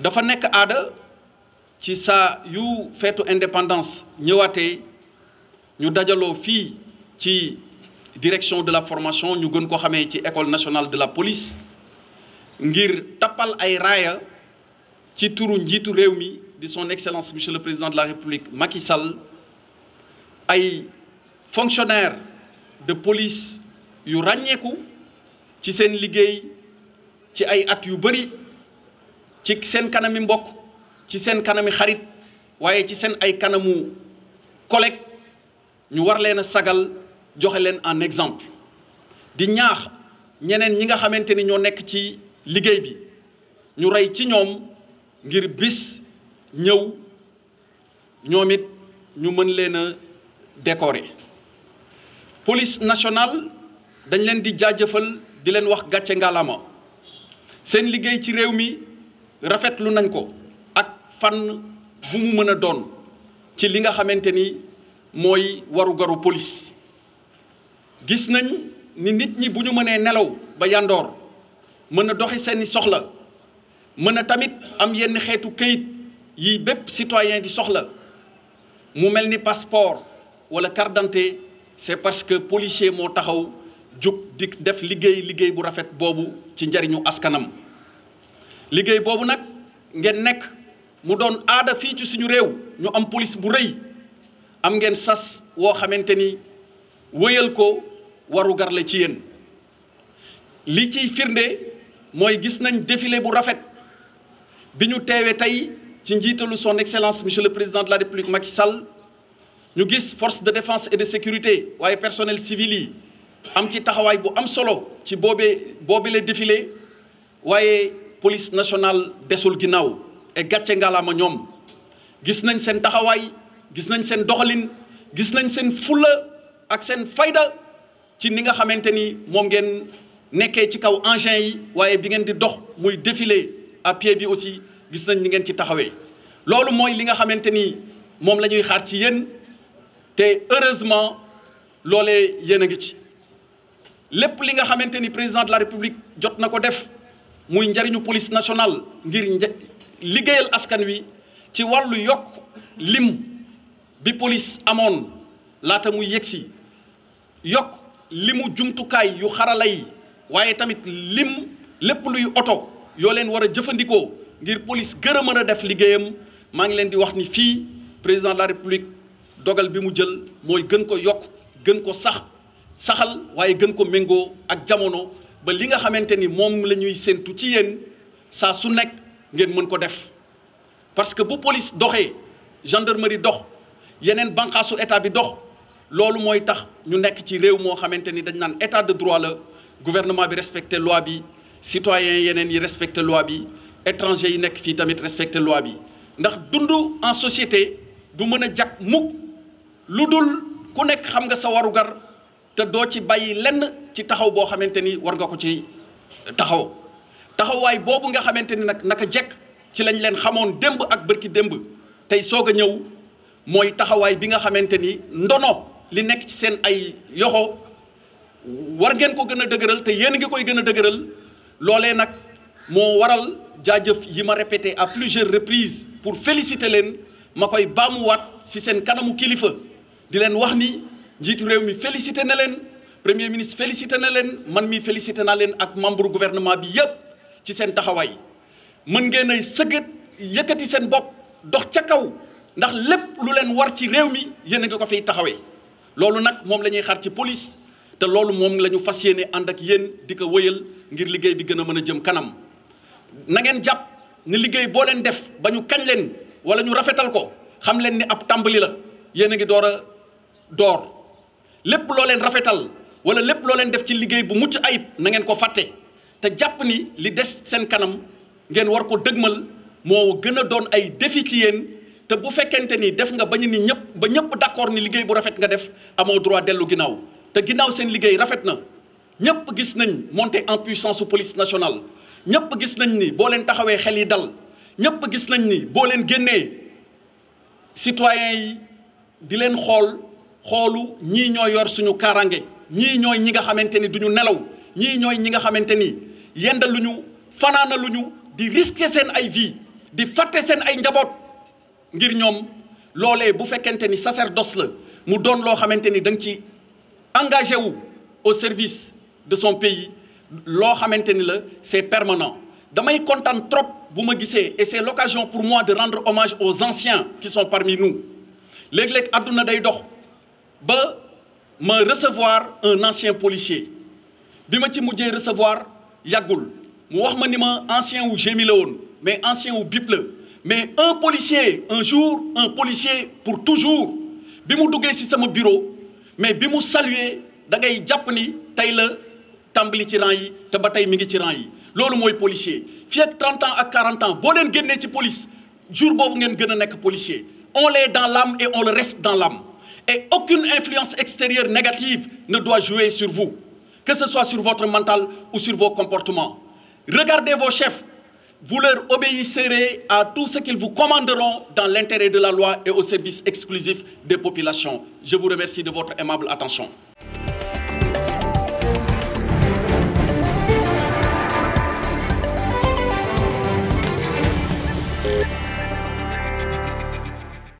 dafa nekk aada ci sa yu fetu indépendance ñëwaatee ñu fi fi ci direction de la formation ñu gën ko xamé ci école nationale de la police ngir tapal ay raaya ci turu njitu réew di son excellence monsieur le président de la république Macky Sall ay fonctionnaires de police yu ràññeeku ci seen liggéey ci ay at yu bëri ci seen kanami mbokk ci seen kanami xarit waaye ci seen ay kanamu collègue ñu war leen a sagal joxe leen en exemple di ñaax ñeneen ñi nga xamante ni ñoo nekk ci liggéey bi ñu rey ci ñoom ngir bis ñëw ñoom it ñu mën leen a décorer police nationale dañ leen di jaajëfal di leen wax gàcce ngaalama seen liggéey ci réew mi rafetlu nañ ko ak fan bu mu mën a doon ci li nga xamante ni mooy warugaru police gis nañ ni nit ñi bu ñu mënee nelaw ba yandoor mën a doxi seeni soxla mën a tamit am yenn xeetu kayit yi bépp sitoyen di soxla mu mel ni passeport walla carte d'identité c'est parce que policier moo taxaw jug di def liggéey liggéey bu rafet boobu ci njariñu askanam liggéey bobu nak ngeen nek mu doon aada fi ci suñu réew ñu am police bu reuy am ngeen sas wo xamanteni weyel ko waru garle ci yeen li ci firnde moy gis nañ défilé bu rafet biñu téwé tay ci njitalu son excellence monsieur le président de la république Macky Sall ñu gis force de défense et de sécurité waye personnel civil yi am ci taxaway bu am solo ci bobé boobile défilé waye police nationale desul ginnaaw et gatché ngalama ñom gis nañ sen taxaway gis nañ sen doxalin gis nañ sen fulla ak sen fayda ci ni nga xamanteni mom moom ngeen ci kaw engin yi bi ngeen di dox muy défilé à pied bi aussi gis nañ ni ngeen ci taxawé lolu moy li nga xamanteni mom lañuy xaar ci yeen te heureusement lolé yéen a linga ci lépp li nga xamanteni président de la république jot def muy njariñu police nationale ngir liggéeyal askan wi ci wàllu yokk lim bi police amoon laata muy yegsi yokk limu jumtukaay yu xarala yi waaye tamit lim lépp luy oto yoo leen war a jëfandikoo ngir police gën a mën a def liggéeyam maa ngi leen di wax ni fii président la république dogal bi mu jël mooy gën ko yokk gën ko sax saxal waaye gën ko méngoo ak jamono ba li nga xamante ni moom la ñuy séentu ci yéen saa su nekk ngeen mën ko def parce que bu police doxee gendarmerie dox yeneen banqaasu état bi dox loolu mooy tax ñu nekk ci réew moo xamante ni dañ naan état de droit la gouvernement bi respecté loi bi citoyens yeneen yi respecté loi bi étranger yi nekk fii tamit respecté loi bi ndax dund en société du mën a jag mukk lu dul ku nekk xam nga sa warugar te doo ci bàyyi lenn ci taxaw boo xamante ni war nga ko ci taxaw taxawaay boobu nga xamante ni nag naka jekk ci lañ leen xamoon démb ak barki démb tey soog a ñëw mooy taxawaay bi nga xamante ni ndono li nekk ci seen ay yoxo war ngeen ko gën a te yéen ngi koy gën a dëgëral loolee nag waral jaajëf yi ma répété à plusieurs reprises pour féliciter leen ma koy baamuwaat si seen kanamu kilifa di leen wax ni Jitu réew mi félicité na leen premier ministre félicité na leen man mi félicité naa leen ak membre gouvernement bi yépp ci seen taxawaay mën ngeen ay sëgët yëkkati seen bopp dox ca kaw ndax lépp lu leen war ci réew mi yéen a ngi ko fay taxawee loolu nag moom la ñuy xaar ci police te loolu moom la ñu fas ak yéen di ko ngir liggéey bi gën a jëm kanam na ngeen jàpp ni liggéey boo leen def ba ñu kañ leen wala ñu rafetal ko xam leen ni ab tàmbali la yéen a ngi door lépp loo leen rafetal wala lépp loo leen def ci liggéey bu mucc ayib nangeen ngeen ko fàtte te jàpp ni li des seen kanam ngeen war ko dëgmal moo gën a doon ay défi ci yéen te bu fekkente ni def nga ba ñu ni ñëpp ba ñëpp d'accord ni liggéey bu rafet nga def amoo droit dellu ginnaaw te ginnaaw seen liggéey rafet na ñëpp gis nañ montée en puissance su police nationale ñëpp gis nañ ni boo leen taxawee xel yi dal ñëpp gis nañ ni boo leen génnee citoyens yi di leen xool xoolu ñii ñoo yor suñu kaaraange ñii ñooy ñi nga xamante ni duñu nelaw ñii ñooy ñi nga xamante ni yendaluñu fanaanaluñu di risqué seen ay vie di fàtte seen ay njaboot ngir ñoom loolee bu fekkente ni sacerdoce la mu doon loo xamante ni da nga ci engagé wu au service de son pays loo xamante ni la c'est permanent damay kontaan trop bu ma gisee et c'est l'occasion pour moi de rendre hommage aux anciens qui sont parmi nous léeg-léeg àdduna day dox ba ma recevoir un ancien policier Bima ma ci recevoir Yagoul. Je wax ma ni ancien ou gémi mais ancien ou Biple. mais un policier un jour un policier pour toujours bi mu ci sama bureau mais bi saluer da ngay jàpp ni tey la tàmbali ci rang yi te ba tey mi ngi ci rang yi policier fii ak 30 ans à 40 ans vous leen génnee ci police jour où vous gën a policier on l'est dans l'âme et on le reste dans l'âme et aucune influence extérieure négative ne doit jouer sur vous, que ce soit sur votre mental ou sur vos comportements. Regardez vos chefs, vous leur obéisserez à tout ce qu'ils vous commanderont dans l'intérêt de la loi et au service exclusif des populations. Je vous remercie de votre aimable attention.